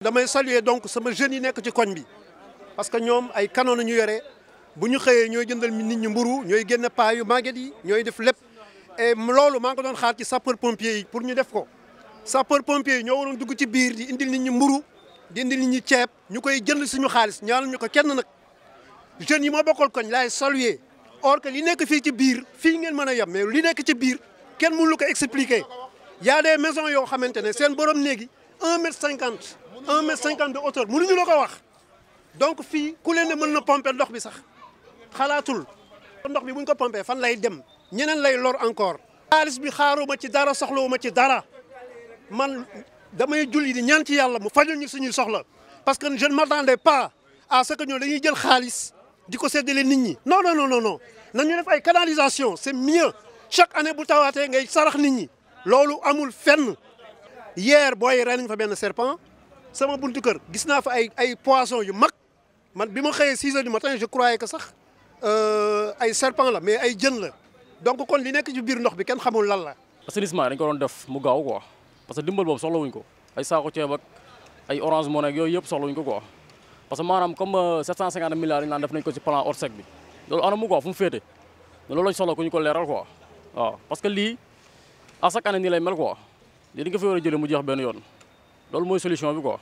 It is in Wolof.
damay saluer donc sama jeunes yi nekk ci koñ bi parce que ñoom ay kanoon la ñu yore bu ñu xëyee ñooy jëndal nit ñi mburu ñooy génn paa yu màgget yi ñooy def lépp et loolu maa ngi ko doon xaar ci sapeur pompier yi pour ñu def ko sapeur pompier yi ñoo waroon dugg ci biir di indil nit ñi mburu di indil nit ñi ceeb ñu koy jënd suñu xaalis ñaanal ñu ko kenn nag jeunes yi moo bokkal koñ laay saluer or que li nekk fii ci biir fii ngeen mën a yem mais li nekk ci biir kenn mënu lu ko expliquer y a des yoo xamante ne seen borom néegi un mètre cinquante un mètre cinquante de hauteur mënuñu ñu lako wax donc fi ku leen ne mën na pomper ndox bi sax xalaatul ndox bi buñ ko pomper fan lay dem ñeneen lay lor encore xaalis bi xaaruma ci dara soxlawuma ci dara man damay julli di ñaan ci yàlla mu fajal ñu suñu soxla parce que je ne m'attendais pas à ce que ñoo dañuy jël xaalis di ko séddale nit ñi non non non non nañu def ay canalisation c'est mieux chaque année bu tawaatee ngay sarax nit ñi loolu amul fenn hier booy rey nañ fa benn serpent sama buntu kër gis naa fa ay ay poisson yu mag man bi ma xëyee 6 heures du matin je croyais que sax euh, ay serpent la mais ay jën la donc kon li nekk ci biir ndox bi kenn xamul lan la. assainissement dañ ko doon def mu gaaw quoi parce que dimbal boobu soxlawuñ ko ay saako ceeb ak ay orange money yooyu yëpp soxlawuñ ko quoi parce que maanaam comme 750 euh, milliards yi naan def nañ ko ci plan Orsec bi loolu ana mu quoi fu mu féete loolu lañ ko leeral quoi waaw lii à chaque année nii lay mel quoi. li nga fa war a jëlee mu jeex benn yoon loolu mooy solution bi quoi.